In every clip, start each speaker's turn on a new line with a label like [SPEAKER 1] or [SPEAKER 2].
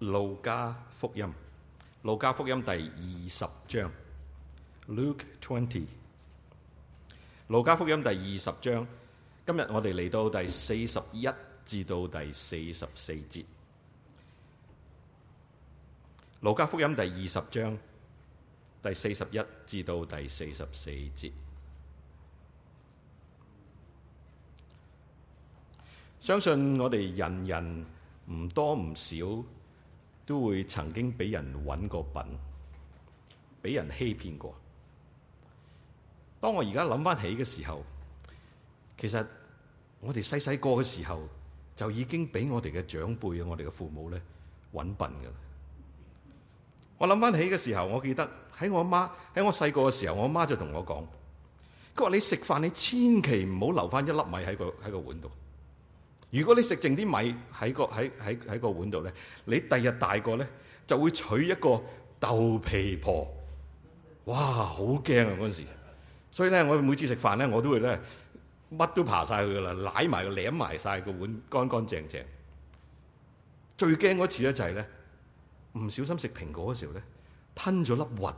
[SPEAKER 1] 路加福音，路加福音第二十章。Luke twenty，路加福音第二十章。今日我哋嚟到第四十一至到第四十四節。路加福音第二十章第四十一至到第四十四節。相信我哋人人唔多唔少。都會曾經俾人揾過笨，俾人欺騙過。當我而家諗翻起嘅時候，其實我哋細細個嘅時候，就已經俾我哋嘅長輩啊，我哋嘅父母咧揾笨㗎喇。我諗翻起嘅時候，我記得喺我媽喺我細個嘅時候，我媽就同我講，佢話你食飯你千祈唔好留翻一粒米喺個喺個碗度。如果你食剩啲米喺個喺喺喺個碗度咧，你第日大個咧就會娶一個豆皮婆，哇！好驚啊嗰陣時，所以咧我每次食飯咧我都會咧乜都爬晒佢噶啦，舐埋佢舐埋晒個碗，乾乾淨淨。最驚嗰次咧就係咧唔小心食蘋果嘅時候咧吞咗粒核，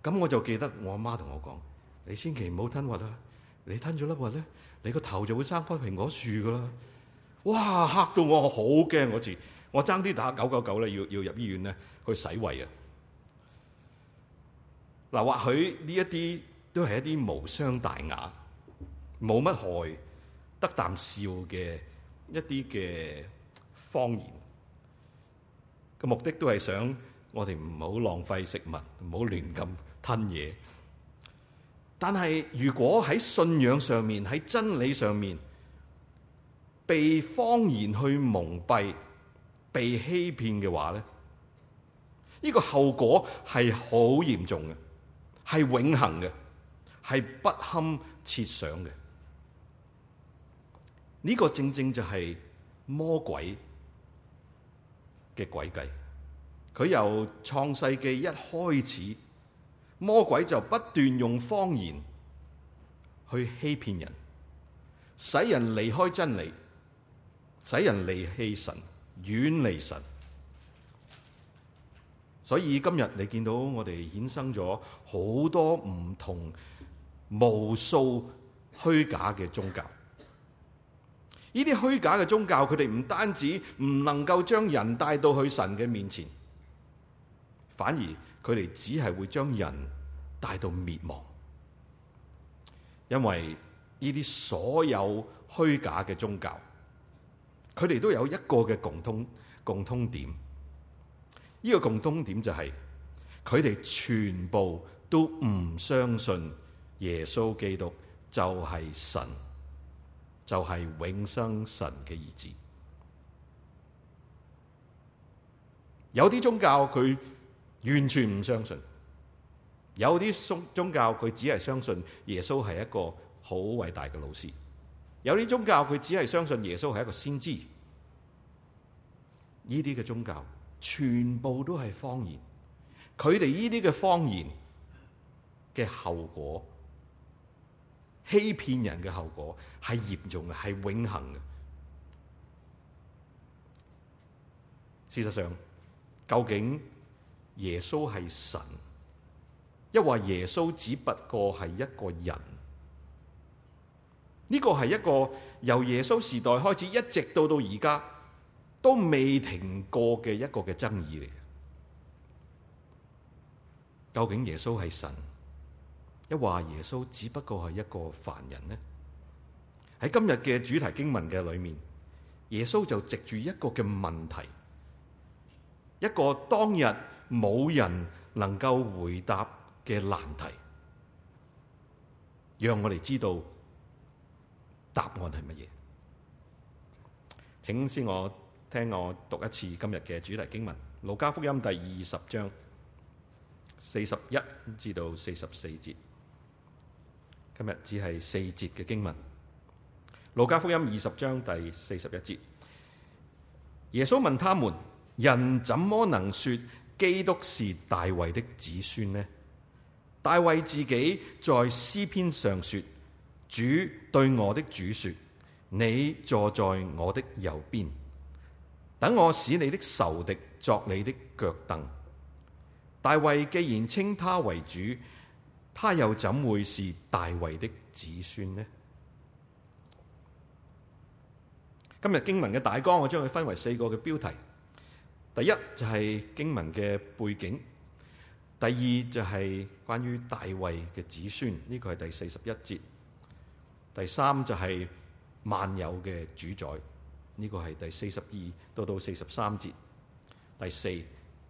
[SPEAKER 1] 咁我就記得我阿媽同我講：你千祈唔好吞核啊！你吞咗粒核咧、啊。你個頭就會生棵蘋果樹噶啦！哇，嚇到我好驚嗰次，我爭啲打九九九咧，要要入醫院咧去洗胃啊！嗱，或許呢一啲都係一啲無傷大雅、冇乜害、得啖笑嘅一啲嘅謊言，個目的都係想我哋唔好浪費食物，唔好亂咁吞嘢。但係，如果喺信仰上面，喺真理上面被謊言去蒙蔽、被欺騙嘅話咧，呢個後果係好嚴重嘅，係永恆嘅，係不堪設想嘅。呢個正正就係魔鬼嘅詭計，佢由創世紀一開始。魔鬼就不斷用謊言去欺騙人，使人離開真理，使人離棄神，遠離神。所以今日你見到我哋衍生咗好多唔同，無數虛假嘅宗教。呢啲虛假嘅宗教，佢哋唔單止唔能夠將人帶到去神嘅面前，反而佢哋只係會將人大到滅亡，因為呢啲所有虛假嘅宗教，佢哋都有一個嘅共通共通點，呢、這個共通點就係佢哋全部都唔相信耶穌基督就係神，就係、是、永生神嘅兒子。有啲宗教佢完全唔相信。有啲宗教佢只係相信耶穌係一個好偉大嘅老師，有啲宗教佢只係相信耶穌係一個先知，呢啲嘅宗教全部都係謊言，佢哋呢啲嘅謊言嘅後果，欺騙人嘅後果係嚴重嘅，係永恆嘅。事實上，究竟耶穌係神，一話耶穌只不過係一個人，呢個係一個由耶穌時代開始一直到到而家都未停過嘅一個嘅爭議嚟嘅。究竟耶穌係神，一話耶穌只不過係一個凡人呢？喺今日嘅主題經文嘅裏面，耶穌就藉住一個嘅問題，一個當日冇人能夠回答。嘅難題，讓我哋知道答案係乜嘢。請先我聽我讀一次今日嘅主題經文《路加福音》第二十章四十一至到四十四節。今日只係四節嘅經文，《路加福音》二十章第四十一節，耶穌問他們：人怎麼能說基督是大衛的子孫呢？大衛自己在詩篇上說：主對我的主說，你坐在我的右邊，等我使你的仇敵作你的腳凳。大衛既然稱他為主，他又怎會是大衛的子孫呢？今日經文嘅大綱，我將佢分為四個嘅標題。第一就係、是、經文嘅背景。第二就係關於大衛嘅子孫，呢個係第四十一節；第三就係萬有嘅主宰，呢個係第四十二到到四十三節；第四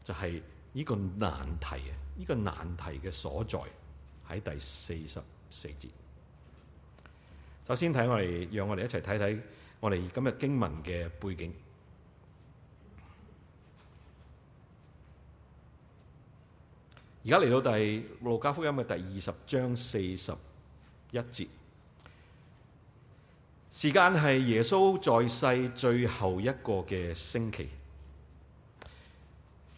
[SPEAKER 1] 就係呢個難題啊，呢個難題嘅所在喺第四十四節。首先睇我哋，讓我哋一齊睇睇我哋今日經文嘅背景。而家嚟到第《路加福音》嘅第二十章四十一節，時間係耶穌在世最後一個嘅星期。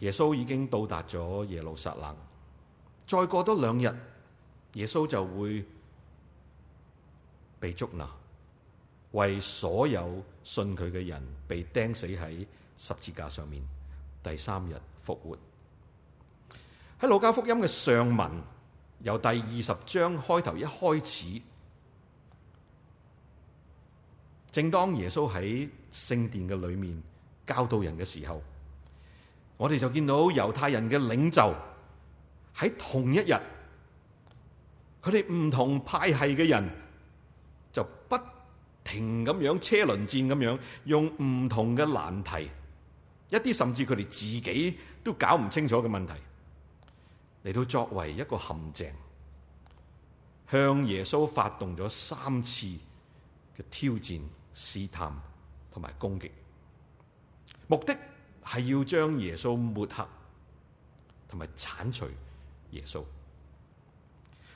[SPEAKER 1] 耶穌已經到達咗耶路撒冷，再過多兩日，耶穌就會被捉拿，為所有信佢嘅人被釘死喺十字架上面，第三日復活。喺《路加福音》嘅上文，由第二十章開頭一開始，正當耶穌喺聖殿嘅裏面教導人嘅時候，我哋就見到猶太人嘅領袖喺同一日，佢哋唔同派系嘅人就不停咁樣車輪戰咁樣，用唔同嘅難題，一啲甚至佢哋自己都搞唔清楚嘅問題。嚟到作為一個陷阱，向耶穌發動咗三次嘅挑戰、試探同埋攻擊，目的係要將耶穌抹黑同埋鏟除耶穌。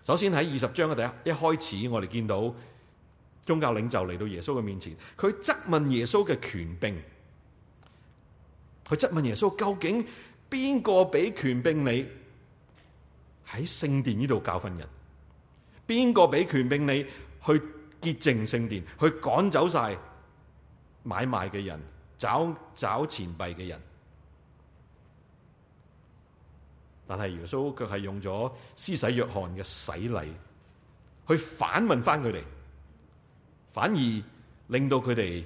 [SPEAKER 1] 首先喺二十章嘅第一，一開始，我哋見到宗教領袖嚟到耶穌嘅面前，佢質問耶穌嘅權柄，佢質問耶穌究竟邊個俾權柄你？喺聖殿呢度教訓人，邊個俾權柄你去潔淨聖殿，去趕走晒買賣嘅人、找找錢幣嘅人？但係耶穌卻係用咗施洗約翰嘅洗禮，去反問翻佢哋，反而令到佢哋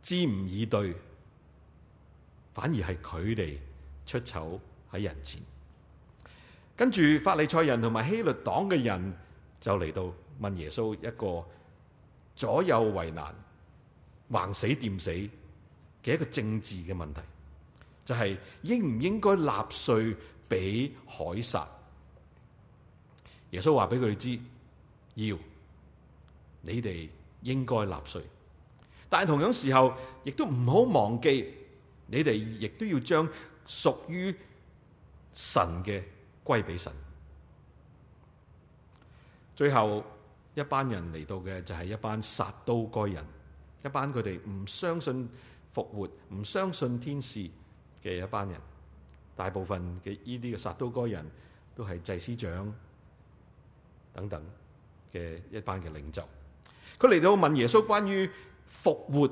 [SPEAKER 1] 知唔以對，反而係佢哋出醜喺人前。跟住法利賽人同埋希律黨嘅人就嚟到問耶穌一個左右為難、橫死掂死嘅一個政治嘅問題，就係、是、應唔應該納稅俾凱撒？耶穌話俾佢哋知，要你哋應該納稅，但係同樣時候亦都唔好忘記，你哋亦都要將屬於神嘅。歸俾神。最後一班人嚟到嘅就係一班撒都該人，一班佢哋唔相信復活、唔相信天使嘅一班人。大部分嘅呢啲嘅撒都該人都係祭司長等等嘅一班嘅領袖。佢嚟到問耶穌關於復活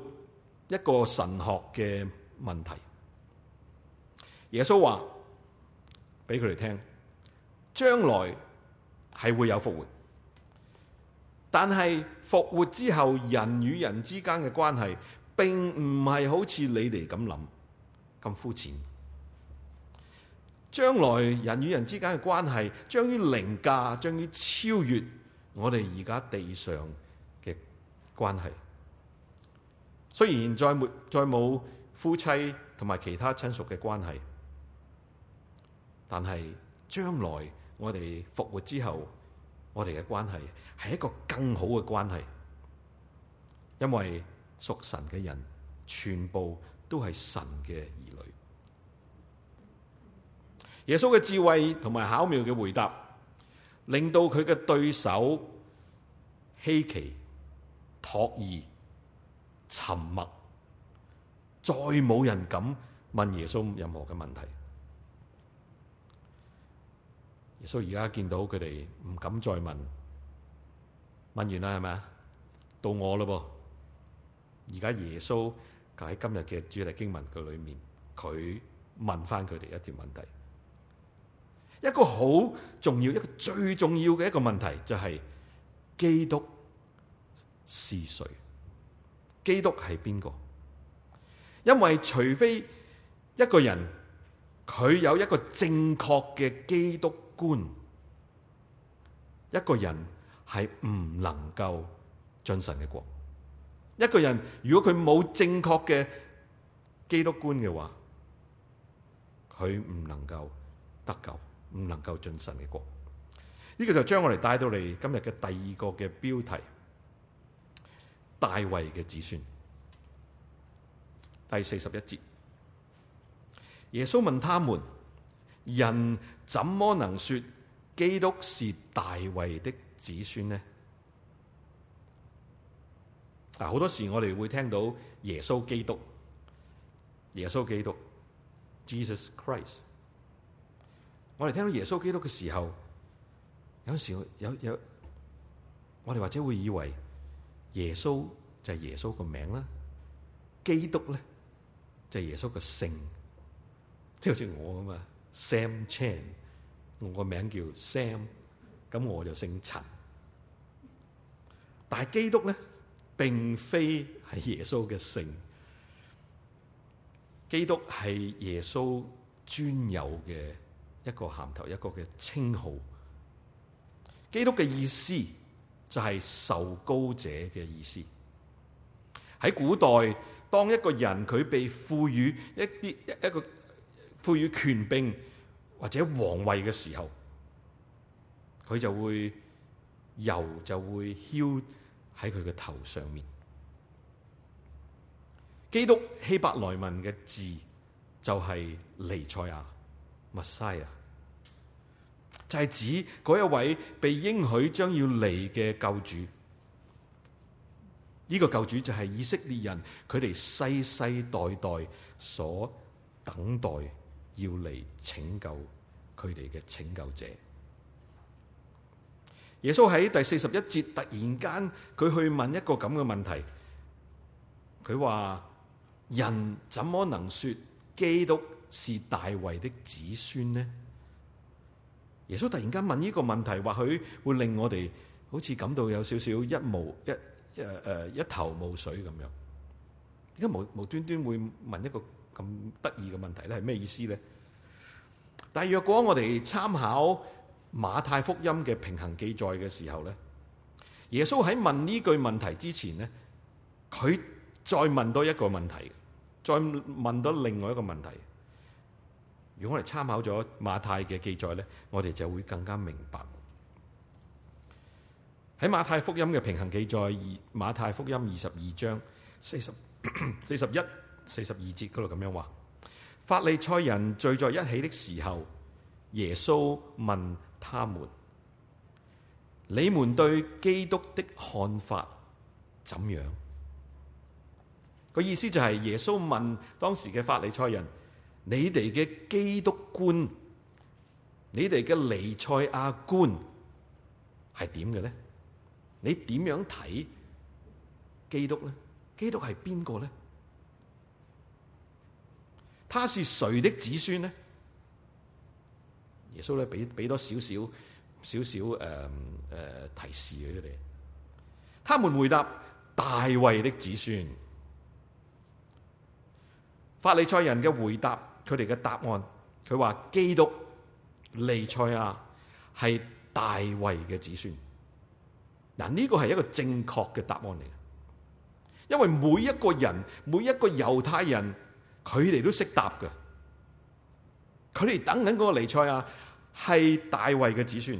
[SPEAKER 1] 一個神學嘅問題。耶穌話俾佢哋聽。將來係會有復活，但係復活之後人與人之間嘅關係，並唔係好似你哋咁諗咁膚淺。將來人與人之間嘅關係，將於凌駕、將於超越我哋而家地上嘅關係。雖然再沒再冇夫妻同埋其他親屬嘅關係，但係將來。我哋復活之後，我哋嘅關係係一個更好嘅關係，因為屬神嘅人全部都係神嘅兒女。耶穌嘅智慧同埋巧妙嘅回答，令到佢嘅對手希奇、詫異、沉默，再冇人敢問耶穌任何嘅問題。耶穌而家見到佢哋唔敢再問，問完啦係咪啊？到我嘞噃。而家耶穌就喺今日嘅主題經文嘅裏面，佢問翻佢哋一條問題，一個好重要、一個最重要嘅一個問題就係、是、基督是誰？基督係邊個？因為除非一個人佢有一個正確嘅基督。觀，一個人係唔能夠進神嘅國。一個人如果佢冇正確嘅基督觀嘅話，佢唔能夠得救，唔能夠進神嘅國。呢、這個就將我哋帶到嚟今日嘅第二個嘅標題：大衛嘅子孫。第四十一節。耶穌問他們人。怎麼能說基督是大衛的子孫呢？啊，好多時我哋會聽到耶穌基督、耶穌基督、Jesus Christ。我哋聽到耶穌基督嘅時候，有陣時有有，我哋或者會以為耶穌就係耶穌個名啦，基督呢，就係耶穌個姓，即係好似我咁啊，Sam Chan。我個名叫 Sam，咁我就姓陳。但係基督咧，並非係耶穌嘅姓。基督係耶穌專有嘅一個銜頭，一個嘅稱號。基督嘅意思就係受膏者嘅意思。喺古代，當一個人佢被賦予一啲一個賦予權柄，或者皇位嘅時候，佢就會油就會敲喺佢嘅頭上面。基督希伯來文嘅字就係、是、彌賽亞、默西亞，就係指嗰一位被應許將要嚟嘅救主。呢、這個救主就係以色列人，佢哋世世代代所等待。要嚟拯救佢哋嘅拯救者。耶穌喺第四十一節突然間，佢去問一個咁嘅問題。佢話：人怎麼能說基督是大衛的子孫呢？耶穌突然間問呢個問題，或許會令我哋好似感到有少少一無一誒誒一,一頭霧水咁樣。點解無無端端會問一個咁得意嘅問題咧，係咩意思咧？但係若果我哋參考馬太福音嘅平行記載嘅時候咧，耶穌喺問呢句問題之前咧，佢再問多一個問題，再問多另外一個問題。如果我哋參考咗馬太嘅記載咧，我哋就會更加明白。喺馬太福音嘅平行記載，馬太福音二十二章四十四十一。40, 四十二節嗰度咁樣話，法利賽人聚在一起的時候，耶穌問他們：你們對基督的看法怎樣？個意思就係耶穌問當時嘅法利賽人，你哋嘅基督觀，你哋嘅彌賽亞觀係點嘅呢？你點樣睇基督呢？基督係邊個呢？」他是誰的子孫呢？耶穌咧俾俾多少少少少誒誒提示俾佢哋。他們回答，大衛的子孫。法利賽人嘅回答，佢哋嘅答案，佢話基督利賽亞係大衛嘅子孫。嗱、這、呢個係一個正確嘅答案嚟嘅，因為每一個人，每一個猶太人。佢哋都識答嘅，佢哋等緊嗰個尼賽亞，係大衛嘅子孫，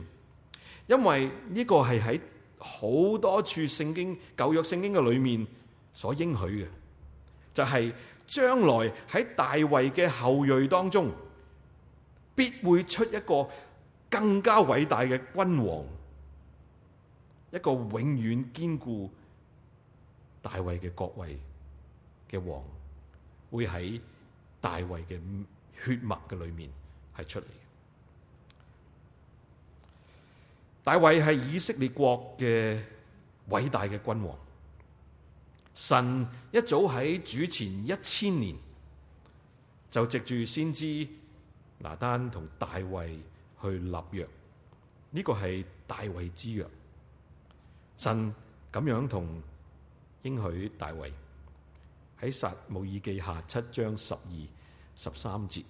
[SPEAKER 1] 因為呢個係喺好多處聖經舊約聖經嘅裏面所應許嘅，就係、是、將來喺大衛嘅後裔當中，必會出一個更加偉大嘅君王，一個永遠堅固大衛嘅國位嘅王。會喺大衛嘅血脈嘅裏面係出嚟嘅。大衛係以色列國嘅偉大嘅君王。神一早喺主前一千年就藉住先知拿單同大衛去立約，呢個係大衛之約。神咁樣同應許大衛。喺《撒母耳記下》七章十二、十三節，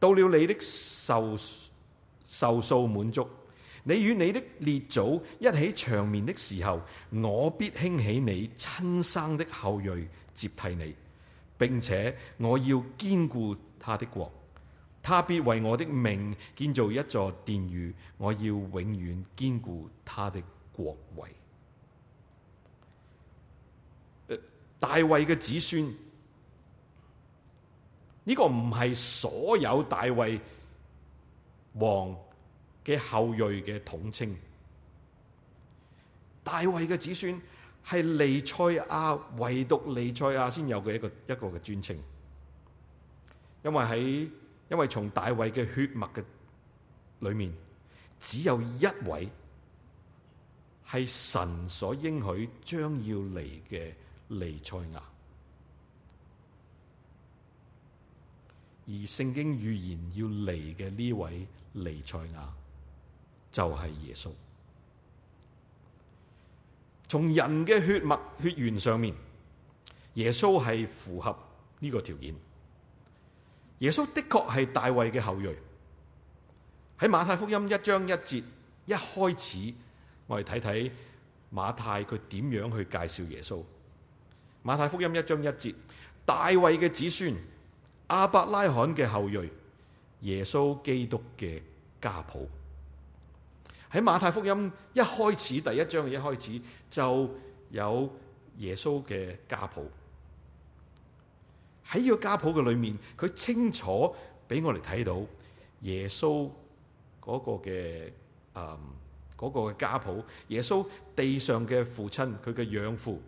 [SPEAKER 1] 到了你的壽壽數滿足，你與你的列祖一起長眠的時候，我必興起你親生的後裔接替你，並且我要堅固他的國，他必為我的名建造一座殿宇，我要永遠堅固他的國位。大衛嘅子孫，呢、這個唔係所有大衛王嘅後裔嘅統稱。大衛嘅子孫係利賽亞，唯獨利賽亞先有嘅一個一個嘅專稱。因為喺因為從大衛嘅血脈嘅裏面，只有一位係神所應許將要嚟嘅。彌賽亞，而聖經預言要嚟嘅呢位彌賽亞，就係耶穌。從人嘅血脈血緣上面，耶穌係符合呢個條件。耶穌的確係大衛嘅後裔。喺馬太福音一章一節，一開始，我哋睇睇馬太佢點樣去介紹耶穌。馬太福音一章一節，大衛嘅子孫，亞伯拉罕嘅後裔，耶穌基督嘅家譜。喺馬太福音一開始，第一章嘅一開始就有耶穌嘅家譜。喺個家譜嘅裏面，佢清楚俾我哋睇到耶穌嗰個嘅啊、嗯嗰個嘅家譜。耶穌地上嘅父親，佢嘅養父。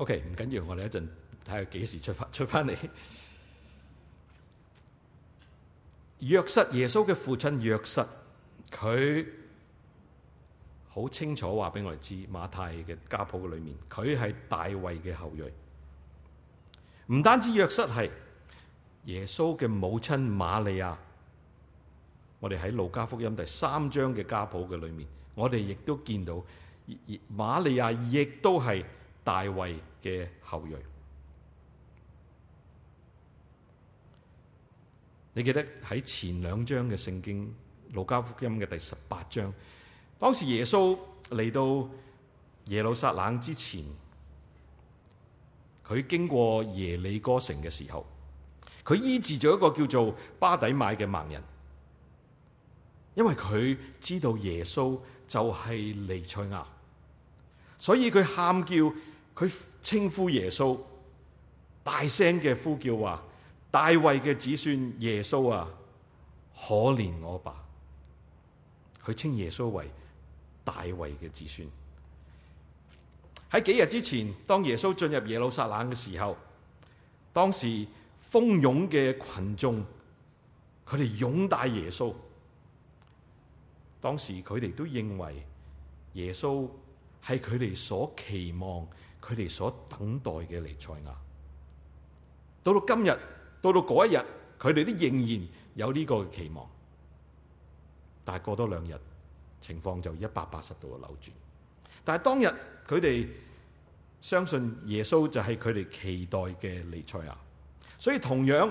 [SPEAKER 1] OK，唔緊要，我哋一陣睇下幾時出翻、出翻嚟。約瑟，耶穌嘅父親約瑟，佢好清楚話俾我哋知，馬太嘅家譜嘅裏面，佢係大衛嘅後裔。唔單止約瑟係，耶穌嘅母親瑪利亞，我哋喺路加福音第三章嘅家譜嘅裏面，我哋亦都見到瑪利亞亦都係。大衛嘅後裔，你記得喺前兩章嘅聖經《路加福音》嘅第十八章，當時耶穌嚟到耶路撒冷之前，佢經過耶利哥城嘅時候，佢醫治咗一個叫做巴底買嘅盲人，因為佢知道耶穌就係彌賽亞，所以佢喊叫。佢稱呼耶穌，大聲嘅呼叫話、啊：大衛嘅子孫耶穌啊，可憐我吧！佢稱耶穌為大衛嘅子孫。喺幾日之前，當耶穌進入耶路撒冷嘅時候，當時蜂擁嘅群眾，佢哋擁戴耶穌。當時佢哋都認為耶穌係佢哋所期望，佢哋所等待嘅彌賽亞，到到今日，到到嗰一日，佢哋都仍然有呢個期望。但係過多兩日，情況就一百八十度嘅扭轉。但係當日佢哋相信耶穌就係佢哋期待嘅彌賽亞，所以同樣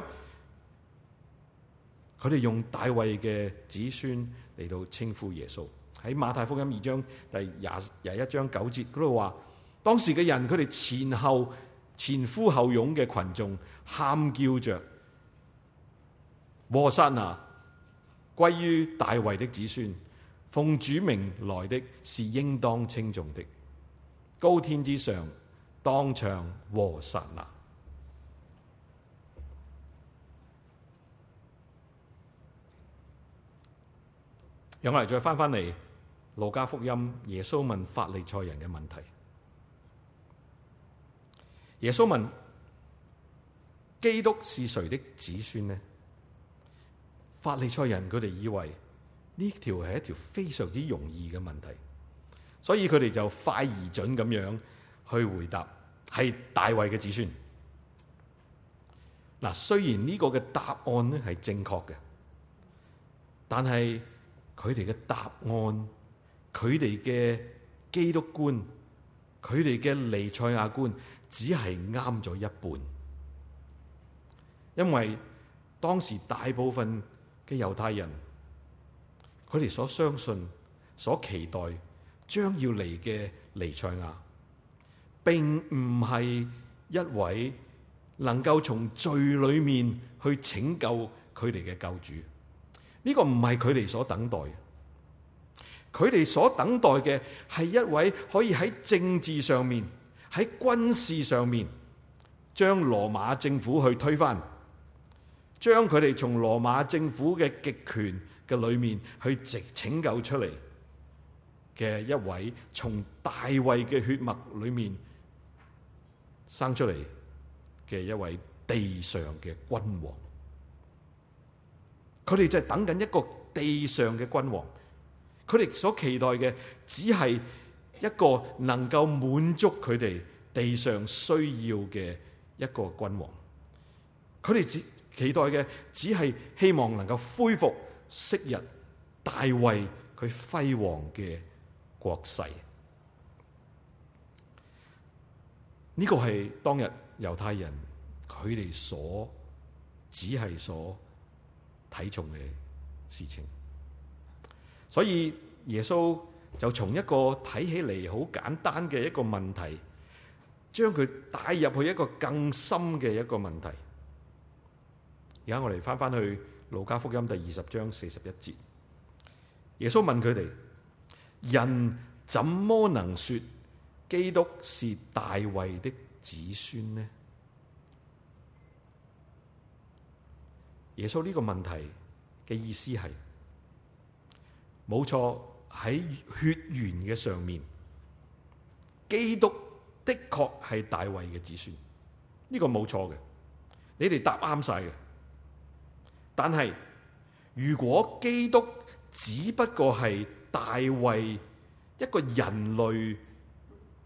[SPEAKER 1] 佢哋用大衛嘅子孫嚟到稱呼耶穌。喺馬太福音二章第廿廿一章九節，佢度話。當時嘅人，佢哋前後前呼後擁嘅群眾，喊叫着：和撒那歸於大衛的子孫，奉主名來的是應當稱頌的。高天之上，當場和撒那。讓我嚟再翻翻嚟路加福音，耶穌問法利賽人嘅問題。耶穌問：基督是誰的子孫呢？法利賽人佢哋以為呢條係一條非常之容易嘅問題，所以佢哋就快而準咁樣去回答係大衛嘅子孫。嗱，雖然呢個嘅答案呢係正確嘅，但係佢哋嘅答案，佢哋嘅基督觀，佢哋嘅彌賽亞觀。只係啱咗一半，因為當時大部分嘅猶太人，佢哋所相信、所期待將要嚟嘅彌賽亞，並唔係一位能夠從罪裏面去拯救佢哋嘅救主。呢、這個唔係佢哋所等待，佢哋所等待嘅係一位可以喺政治上面。喺軍事上面，將羅馬政府去推翻，將佢哋從羅馬政府嘅極權嘅裏面去直拯救出嚟嘅一位，從大衛嘅血脈裏面生出嚟嘅一位地上嘅君王。佢哋就係等緊一個地上嘅君王，佢哋所期待嘅只係。一個能夠滿足佢哋地上需要嘅一個君王，佢哋只期待嘅只係希望能夠恢復昔日大衛佢輝煌嘅國勢。呢個係當日猶太人佢哋所只係所睇重嘅事情，所以耶穌。就從一個睇起嚟好簡單嘅一個問題，將佢帶入去一個更深嘅一個問題。而家我哋翻翻去路加福音第二十章四十一節，耶穌問佢哋：人怎麼能說基督是大衛的子孫呢？耶穌呢個問題嘅意思係冇錯。喺血緣嘅上面，基督的確係大衛嘅子孫，呢、這個冇錯嘅。你哋答啱晒嘅。但係如果基督只不過係大衛一個人類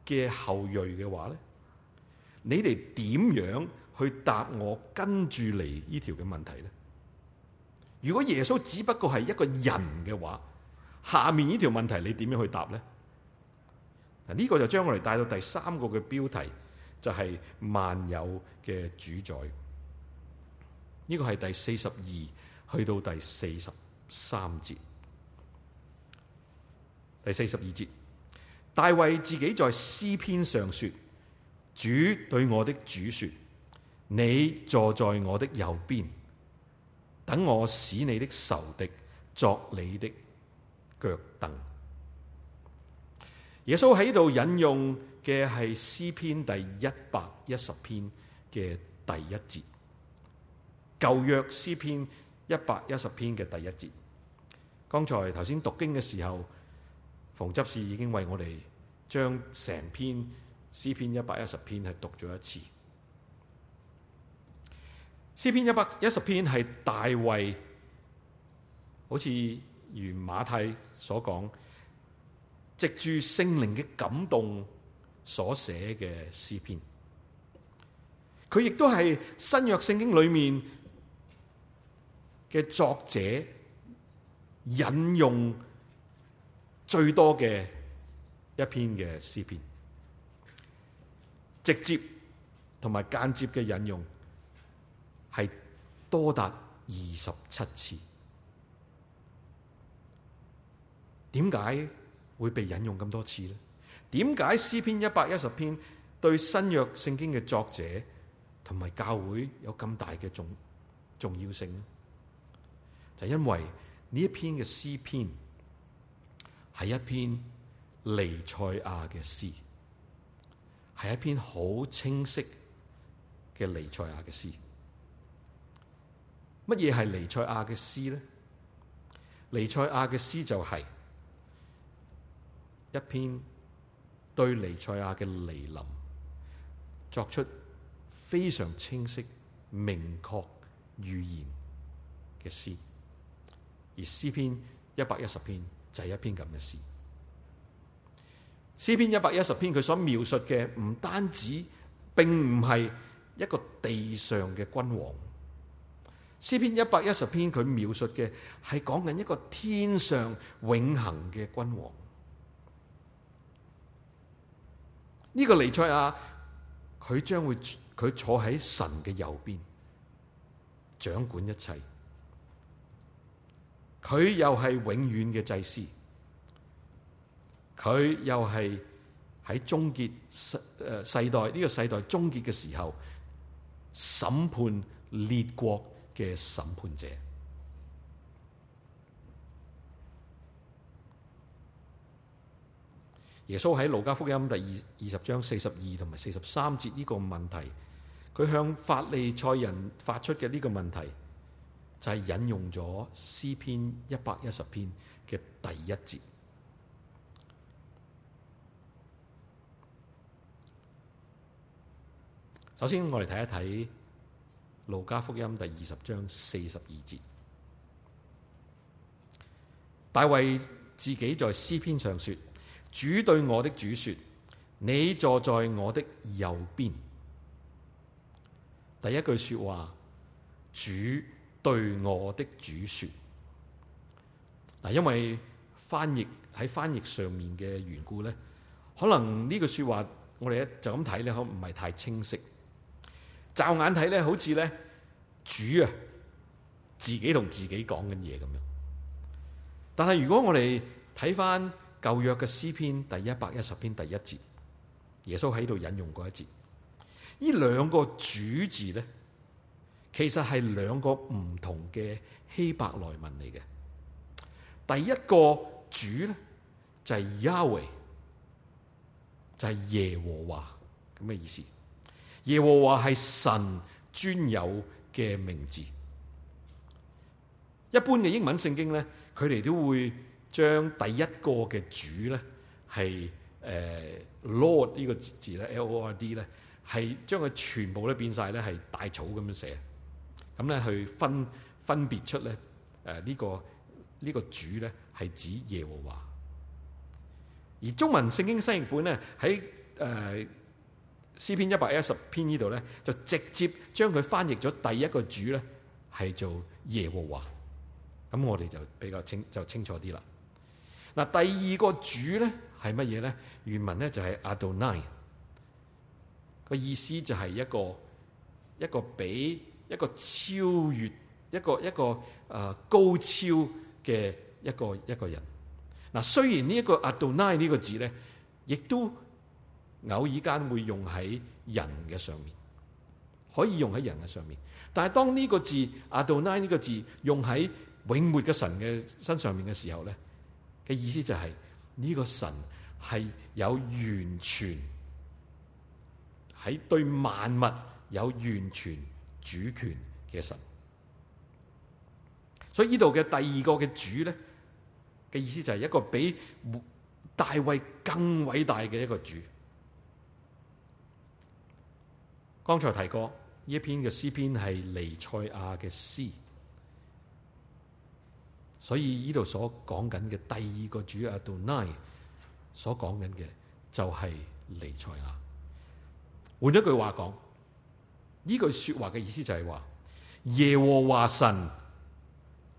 [SPEAKER 1] 嘅後裔嘅話咧，你哋點樣去答我跟住嚟呢條嘅問題咧？如果耶穌只不過係一個人嘅話？下面呢條問題你點樣去答呢？嗱，呢個就將我哋帶到第三個嘅標題，就係、是、萬有嘅主宰。呢、這個係第四十二去到第四十三節。第四十二節，大衛自己在詩篇上說：主對我的主說，你坐在我的右邊，等我使你的仇敵作你的。腳凳。耶穌喺度引用嘅係詩篇第一百一十篇嘅第一節，舊約詩篇一百一十篇嘅第一節。剛才頭先讀經嘅時候，馮執事已經為我哋將成篇詩篇一百一十篇係讀咗一次。詩篇一百一十篇係大衛，好似如馬太，所講藉住聖靈嘅感動所寫嘅詩篇，佢亦都係新約聖經裏面嘅作者引用最多嘅一篇嘅詩篇，直接同埋間接嘅引用係多達二十七次。點解會被引用咁多次咧？點解詩篇一百一十篇對新約聖經嘅作者同埋教會有咁大嘅重重要性咧？就因為呢一篇嘅詩篇係一篇尼賽亞嘅詩，係一篇好清晰嘅尼賽亞嘅詩呢。乜嘢係尼賽亞嘅詩咧？尼賽亞嘅詩就係、是。一篇對彌賽亞嘅來臨作出非常清晰、明確預言嘅詩，而詩篇一百一十篇就係一篇咁嘅詩。詩篇一百一十篇佢所描述嘅唔單止，並唔係一個地上嘅君王。詩篇一百一十篇佢描述嘅係講緊一個天上永恆嘅君王。呢個彌賽亞，佢將會佢坐喺神嘅右邊，掌管一切。佢又係永遠嘅祭司，佢又係喺終結世誒、呃、世代呢、呢個世代終結嘅時候，審判列國嘅審判者。耶穌喺路加福音第二二十章四十二同埋四十三節呢個問題，佢向法利賽人發出嘅呢個問題，就係、是、引用咗詩篇一百一十篇嘅第一節。首先我看看，我嚟睇一睇路加福音第二十章四十二節，大衛自己在詩篇上說。主對我的主說：你坐在我的右邊。第一句說話，主對我的主說。嗱，因為翻譯喺翻譯上面嘅緣故咧，可能呢句說話我哋咧就咁睇咧，可唔係太清晰。驟眼睇咧，好似咧主啊自己同自己講緊嘢咁樣。但係如果我哋睇翻。舊約嘅詩篇第一百一十篇第一節，耶穌喺度引用過一節，呢兩個主字咧，其實係兩個唔同嘅希伯來文嚟嘅。第一個主咧就係 Yahweh，就係耶和華咁嘅意思。耶和華係神專有嘅名字。一般嘅英文聖經咧，佢哋都會。將第一個嘅主咧係誒 Lord 呢個字咧 L O R D 咧係將佢全部咧變晒，咧係大草咁樣寫，咁咧去分分別出咧誒呢、呃呢個呢、呢個主咧係指耶和華，而中文聖經新譯本咧喺誒詩篇一百一十篇呢度咧就直接將佢翻譯咗第一個主咧係做耶和華，咁我哋就比較清就清楚啲啦。嗱，第二個主咧係乜嘢咧？原文咧就係阿道奈，個意思就係一個一個比一個超越一個一個誒、呃、高超嘅一個一個人。嗱，雖然呢一個阿道奈呢個字咧，亦都偶爾間會用喺人嘅上面，可以用喺人嘅上面，但係當呢個字阿道奈呢個字用喺永活嘅神嘅身上面嘅時候咧。嘅意思就係、是、呢、這個神係有完全喺對萬物有完全主權嘅神，所以呢度嘅第二個嘅主呢嘅意思就係一個比大衛更偉大嘅一個主。剛才提過呢一篇嘅詩篇係彌賽亞嘅詩。所以呢度所講緊嘅第二個主阿多奈所講緊嘅就係尼賽亞。換一句話講，呢句說話嘅意思就係話耶和華神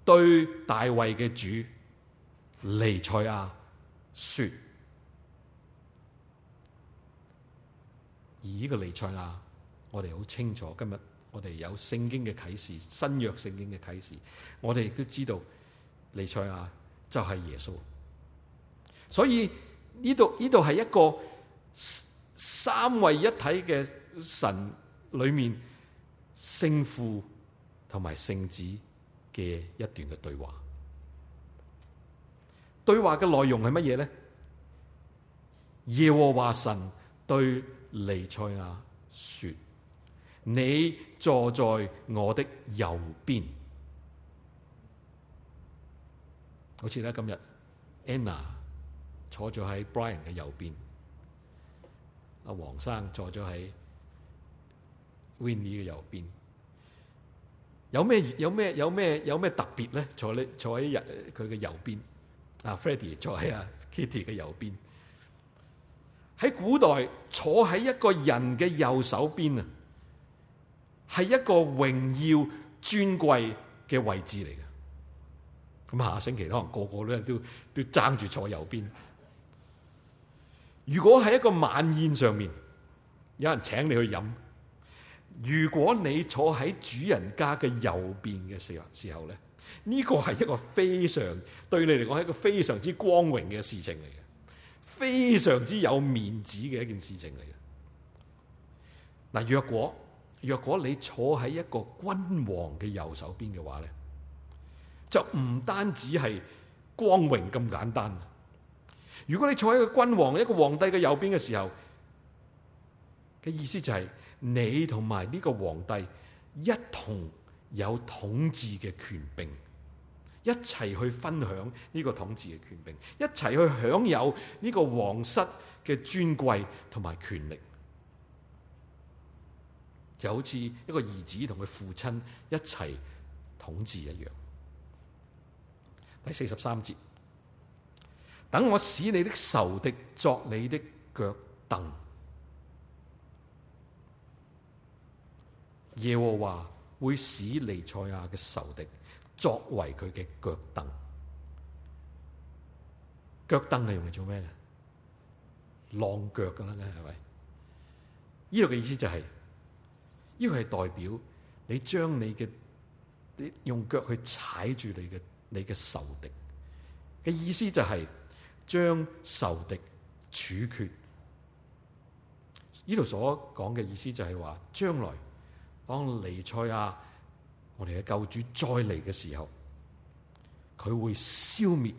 [SPEAKER 1] 對大衛嘅主尼賽亞說。而呢個尼賽亞，我哋好清楚，今日我哋有聖經嘅啟示，新約聖經嘅啟示，我哋亦都知道。彌賽亞就係耶穌，所以呢度，呢度係一個三位一體嘅神裏面聖父同埋聖子嘅一段嘅對話。對話嘅內容係乜嘢咧？耶和華神對彌賽亞說：你坐在我的右邊。好似咧，今日 Anna 坐咗喺 Brian 嘅右邊，阿黃生坐咗喺 Winnie 嘅右邊，有咩有咩有咩有咩特別咧？坐你坐喺人佢嘅右邊，啊，Freddy 坐喺阿 Kitty 嘅右邊。喺古代坐喺一個人嘅右手邊啊，係一個榮耀尊貴嘅位置嚟嘅。咁下星期可能個個咧都都爭住坐右邊。如果喺一個晚宴上面，有人請你去飲，如果你坐喺主人家嘅右邊嘅時時候咧，呢個係一個非常對你嚟講係一個非常之光榮嘅事情，嚟嘅，非常之有面子嘅一件事情嚟嘅。嗱，若果若果你坐喺一個君王嘅右手邊嘅話咧。就唔單止係光榮咁簡單。如果你坐喺一個君王、一個皇帝嘅右邊嘅時候，嘅意思就係你同埋呢個皇帝一同有統治嘅權柄，一齊去分享呢個統治嘅權柄，一齊去享有呢個皇室嘅尊貴同埋權力，就好似一個兒子同佢父親一齊統治一樣。第四十三節，等我使你的仇敵作你的腳凳。耶和華會使彌賽亞嘅仇敵作為佢嘅腳凳。腳凳係用嚟做咩咧？晾腳㗎喇，係咪？呢度嘅意思就係、是，呢個係代表你將你嘅，用腳去踩住你嘅。你嘅仇敵嘅意思就係、是、將仇敵處決。呢度所講嘅意思就係話，將來當彌賽亞我哋嘅救主再嚟嘅時候，佢會消滅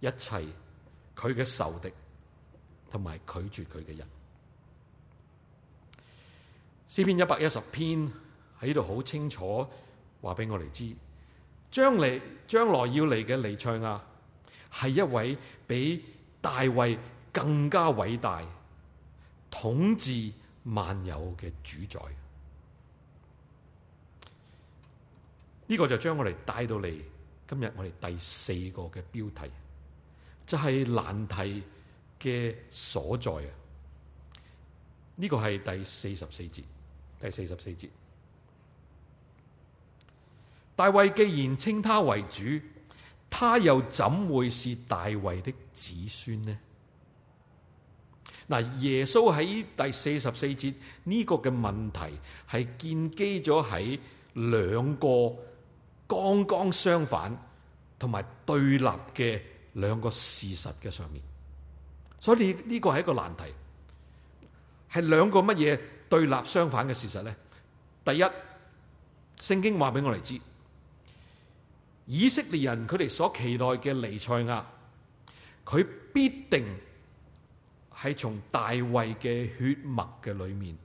[SPEAKER 1] 一切佢嘅仇敵，同埋拒絕佢嘅人。詩篇一百一十篇喺度好清楚話俾我哋知。將來，將來要嚟嘅李唱啊，係一位比大衛更加偉大、統治萬有嘅主宰。呢個就將我哋帶到嚟今日我哋第四個嘅標題，就係難題嘅所在啊！呢個係第四十四節，第四十四節。大衛既然稱他為主，他又怎會是大衛的子孫呢？嗱，耶穌喺第四十四節呢個嘅問題係建基咗喺兩個剛剛相反同埋對立嘅兩個事實嘅上面，所以呢個係一個難題，係兩個乜嘢對立相反嘅事實咧？第一，聖經話俾我哋知。以色列人佢哋所期待嘅尼塞亞，佢必定係從大衛嘅血脈嘅裏面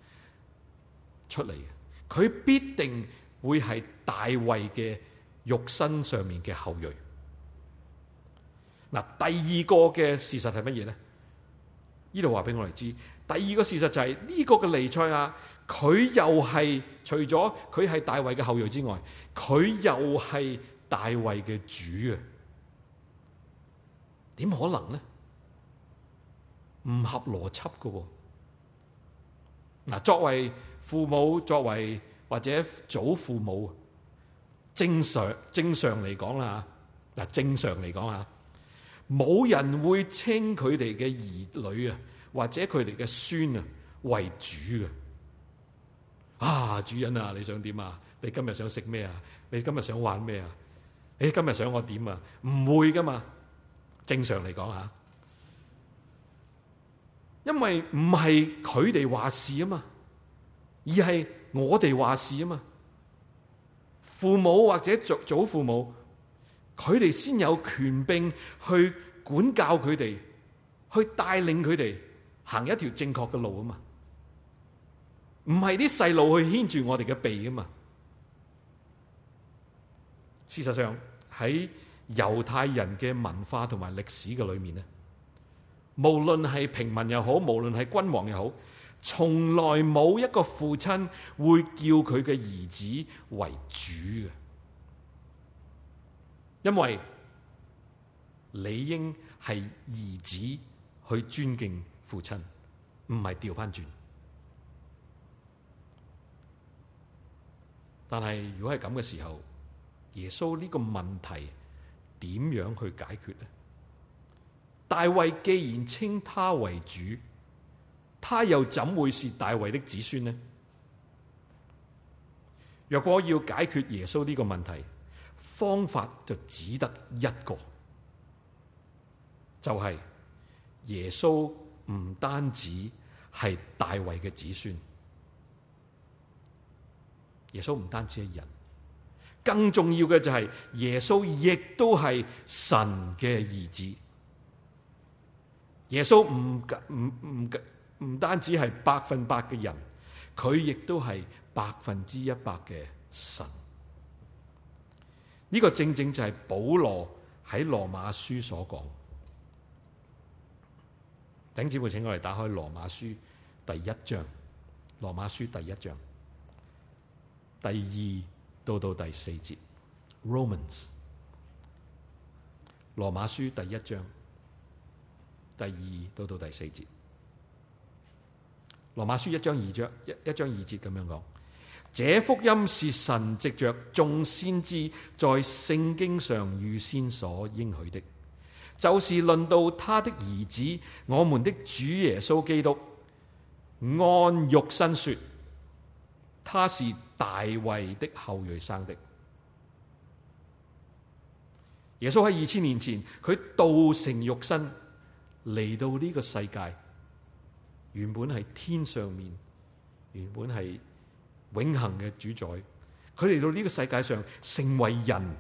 [SPEAKER 1] 出嚟嘅，佢必定會係大衛嘅肉身上面嘅後裔。嗱，第二個嘅事實係乜嘢咧？呢度話俾我哋知，第二個事實就係呢個嘅尼塞亞，佢又係除咗佢係大衛嘅後裔之外，佢又係。大衛嘅主啊，點可能咧？唔合邏輯噶。嗱，作為父母，作為或者祖父母，正常正常嚟講啦嗱，正常嚟講吓，冇人會稱佢哋嘅兒女啊，或者佢哋嘅孫啊為主嘅。啊，主人啊，你想點啊？你今日想食咩啊？你今日想玩咩啊？你今日想我點啊？唔會噶嘛，正常嚟講吓，因為唔係佢哋話事啊嘛，而係我哋話事啊嘛。父母或者祖父母，佢哋先有權柄去管教佢哋，去帶領佢哋行一條正確嘅路啊嘛。唔係啲細路去牽住我哋嘅鼻啊嘛。事實上，喺猶太人嘅文化同埋歷史嘅裏面咧，無論係平民又好，無論係君王又好，從來冇一個父親會叫佢嘅兒子為主嘅，因為理應係兒子去尊敬父親，唔係調翻轉。但係如果係咁嘅時候。耶穌呢個問題點樣去解決呢？大衛既然稱他為主，他又怎會是大衛的子孫呢？若果要解決耶穌呢個問題，方法就只得一個，就係：耶穌唔單止係大衛嘅子孫，耶穌唔單止係人。更重要嘅就係耶穌亦都係神嘅兒子，耶穌唔唔唔唔單止係百分百嘅人，佢亦都係百分之一百嘅神。呢、這個正正就係保羅喺羅馬書所講。頂姊妹，請我哋打開羅馬書第一章，羅馬書第一章，第二，到到第四節，Romans，《羅馬書》第一章第二到到第四節，《羅馬書》一章二章一一章二節咁樣講，這福音是神藉着眾先知在聖經上預先所應許的，就是論到他的兒子，我們的主耶穌基督，按肉身說。他是大衛的後裔生的。耶穌喺二千年前，佢道成肉身嚟到呢個世界，原本係天上面，原本係永恆嘅主宰。佢嚟到呢個世界上成為人，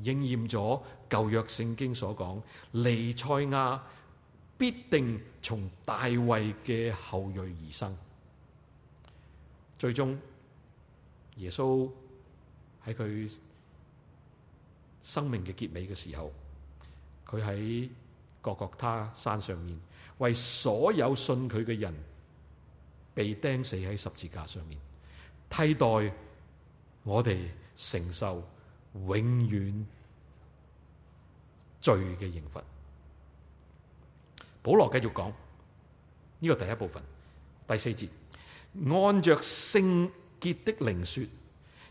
[SPEAKER 1] 應驗咗舊約聖經所講，彌賽亞必定從大衛嘅後裔而生。最終，耶穌喺佢生命嘅結尾嘅時候，佢喺各各他山上面，為所有信佢嘅人被釘死喺十字架上面，替代我哋承受永遠罪嘅刑罰。保羅繼續講呢個，這個第一部分第四節。按着聖潔的靈說，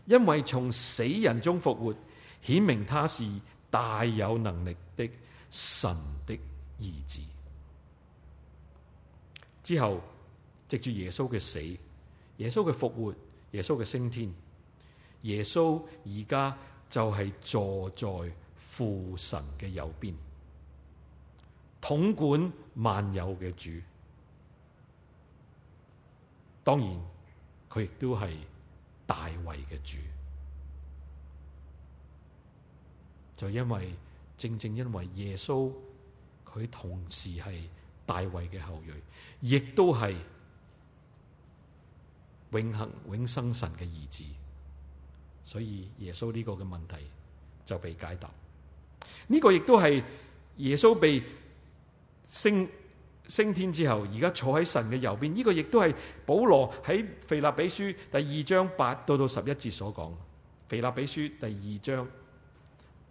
[SPEAKER 1] 因為從死人中復活，顯明他是大有能力的神的兒子。之後，藉住耶穌嘅死，耶穌嘅復活，耶穌嘅升天，耶穌而家就係坐在父神嘅右邊，統管萬有嘅主。當然，佢亦都係大衛嘅主，就因為正正因為耶穌佢同時係大衛嘅後裔，亦都係永恆永生神嘅兒子，所以耶穌呢個嘅問題就被解答。呢、這個亦都係耶穌被升。升天之後，而家坐喺神嘅右邊，呢、這個亦都係保羅喺腓立比書第二章八到到十一節所講。腓立比書第二章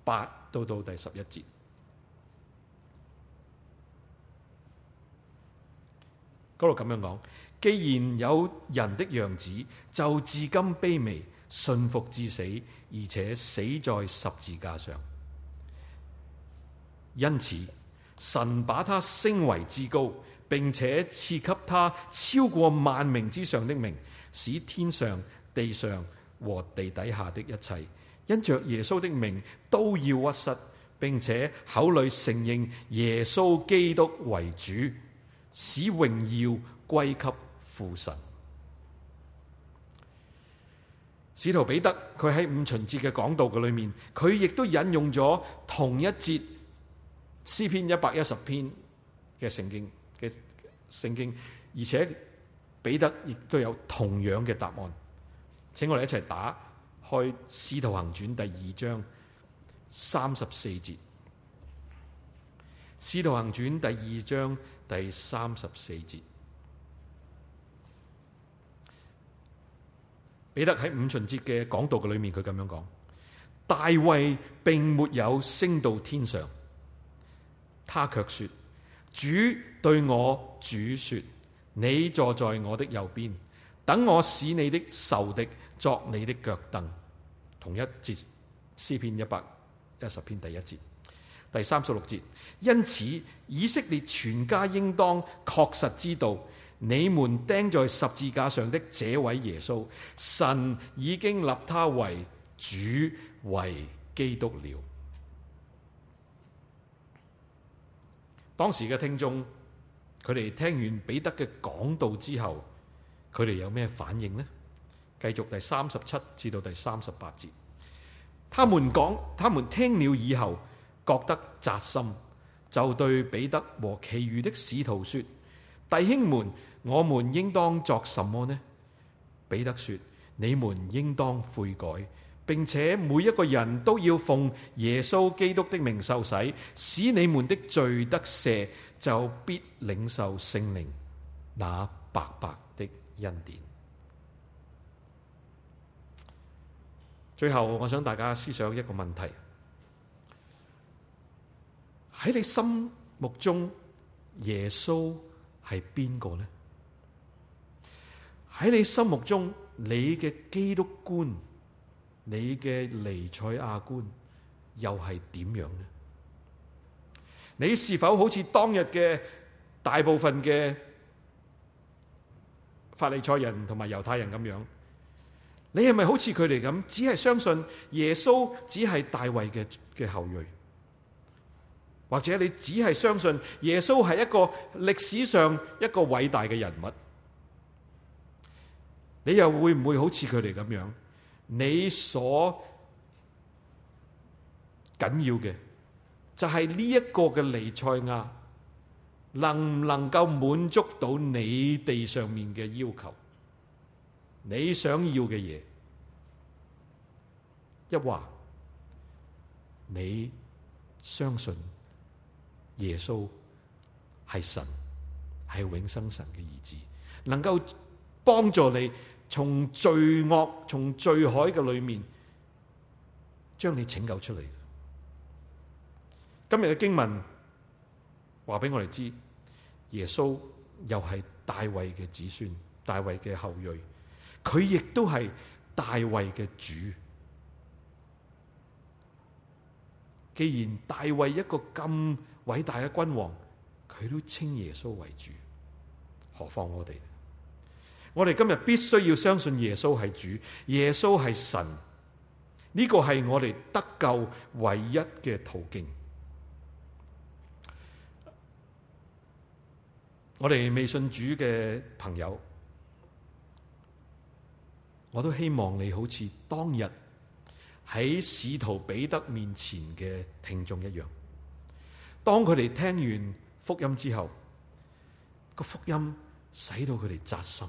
[SPEAKER 1] 八到到第十一節，嗰度咁樣講：既然有人的樣子，就至今卑微，順服至死，而且死在十字架上。因此。神把他升為至高，並且賜給他超過萬名之上的名，使天上、地上和地底下的一切，因着耶穌的名都要屈膝，並且口裏承認耶穌基督為主，使榮耀歸給父神。使徒彼得，佢喺五旬節嘅講道嘅裏面，佢亦都引用咗同一節。詩篇一百一十篇嘅聖經嘅聖經，而且彼得亦都有同樣嘅答案。請我哋一齊打開《使徒行傳》第二章三十四節，《使徒行傳》第二章第三十四節。彼得喺五旬節嘅講道嘅裏面，佢咁樣講：大衛並沒有升到天上。他卻說：主對我主說，你坐在我的右邊，等我使你的仇敵作你的腳凳。同一節詩篇一百一十篇第一節第三十六節。因此以色列全家應當確實知道，你們釘在十字架上的這位耶穌，神已經立他為主，為基督了。當時嘅聽眾，佢哋聽完彼得嘅講道之後，佢哋有咩反應呢？繼續第三十七至到第三十八節，他們講，他們聽了以後覺得扎心，就對彼得和其餘的使徒說：弟兄們，我們應當作什麼呢？彼得說：你們應當悔改。並且每一個人都要奉耶穌基督的名受洗，使你們的罪得赦，就必領受聖靈那白白的恩典。最後，我想大家思想一個問題：喺你心目中，耶穌係邊個呢？喺你心目中，你嘅基督觀，你嘅彌賽亞觀又係點樣呢？你是否好似當日嘅大部分嘅法利賽人同埋猶太人咁樣？你係咪好似佢哋咁，只係相信耶穌只係大衛嘅嘅後裔，或者你只係相信耶穌係一個歷史上一個偉大嘅人物？你又會唔會好似佢哋咁樣？你所緊要嘅，就係呢一個嘅彌賽亞，能唔能夠滿足到你地上面嘅要求？你想要嘅嘢，一話你相信耶穌係神，係永生神嘅兒子，能夠幫助你。從罪惡、從罪海嘅裏面，將你拯救出嚟。今日嘅經文話俾我哋知，耶穌又係大衛嘅子孫、大衛嘅後裔，佢亦都係大衛嘅主。既然大衛一個咁偉大嘅君王，佢都稱耶穌為主，何況我哋？我哋今日必須要相信耶穌係主，耶穌係神，呢個係我哋得救唯一嘅途徑。我哋未信主嘅朋友，我都希望你好似當日喺使徒彼得面前嘅聽眾一樣，當佢哋聽完福音之後，個福音使到佢哋紮心。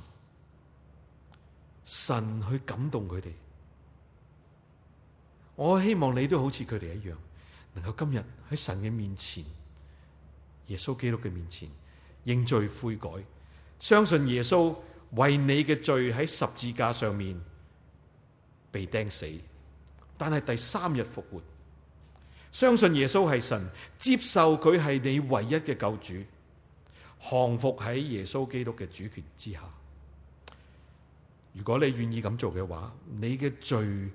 [SPEAKER 1] 神去感動佢哋，我希望你都好似佢哋一樣，能夠今日喺神嘅面前，耶穌基督嘅面前認罪悔改，相信耶穌為你嘅罪喺十字架上面被釘死，但係第三日復活，相信耶穌係神，接受佢係你唯一嘅救主，降服喺耶穌基督嘅主權之下。如果你願意咁做嘅話，你嘅罪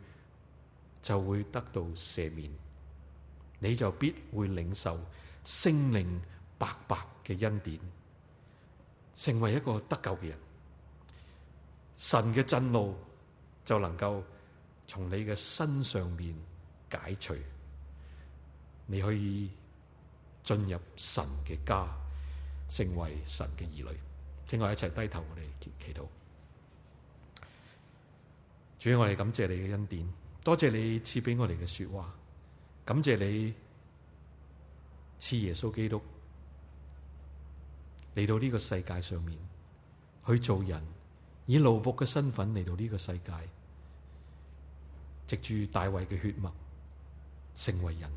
[SPEAKER 1] 就會得到赦免，你就必會領受聖靈白白嘅恩典，成為一個得救嘅人。神嘅震怒就能夠從你嘅身上面解除，你可以進入神嘅家，成為神嘅兒女。請我哋一齊低頭我，我哋祈禱。主，我哋感謝你嘅恩典，多謝你賜俾我哋嘅說話，感謝你賜耶穌基督嚟到呢個世界上面去做人，以勞僕嘅身份嚟到呢個世界，藉住大衛嘅血脈成為人，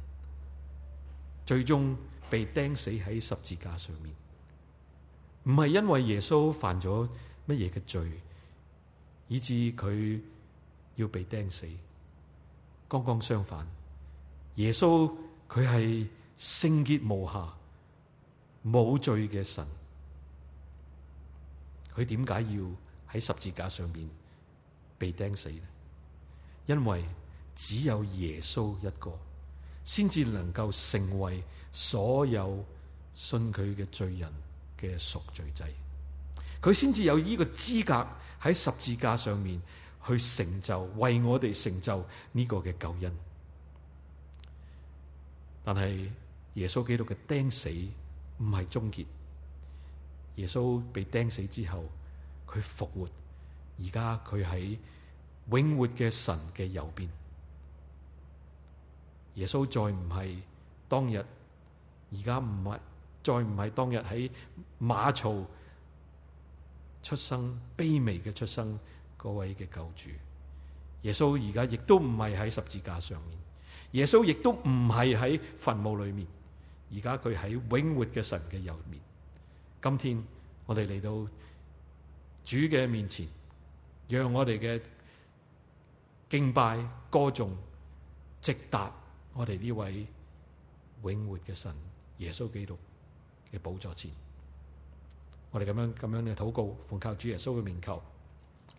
[SPEAKER 1] 最終被釘死喺十字架上面。唔係因為耶穌犯咗乜嘢嘅罪，以至佢。要被釘死，剛剛相反，耶穌佢係聖潔無瑕、冇罪嘅神，佢點解要喺十字架上面被釘死呢？因為只有耶穌一個，先至能夠成為所有信佢嘅罪人嘅贖罪祭，佢先至有呢個資格喺十字架上面。去成就，為我哋成就呢個嘅救恩。但係耶穌基督嘅釘死唔係終結，耶穌被釘死之後，佢復活，而家佢喺永活嘅神嘅右邊。耶穌再唔係當日，而家唔係，再唔係當日喺馬槽出生，卑微嘅出生。各位嘅救主耶穌而家亦都唔係喺十字架上面，耶穌亦都唔係喺墳墓裏面，而家佢喺永活嘅神嘅右面。今天我哋嚟到主嘅面前，讓我哋嘅敬拜歌頌直達我哋呢位永活嘅神耶穌基督嘅寶座前。我哋咁樣咁樣嘅禱告，奉靠主耶穌嘅名求。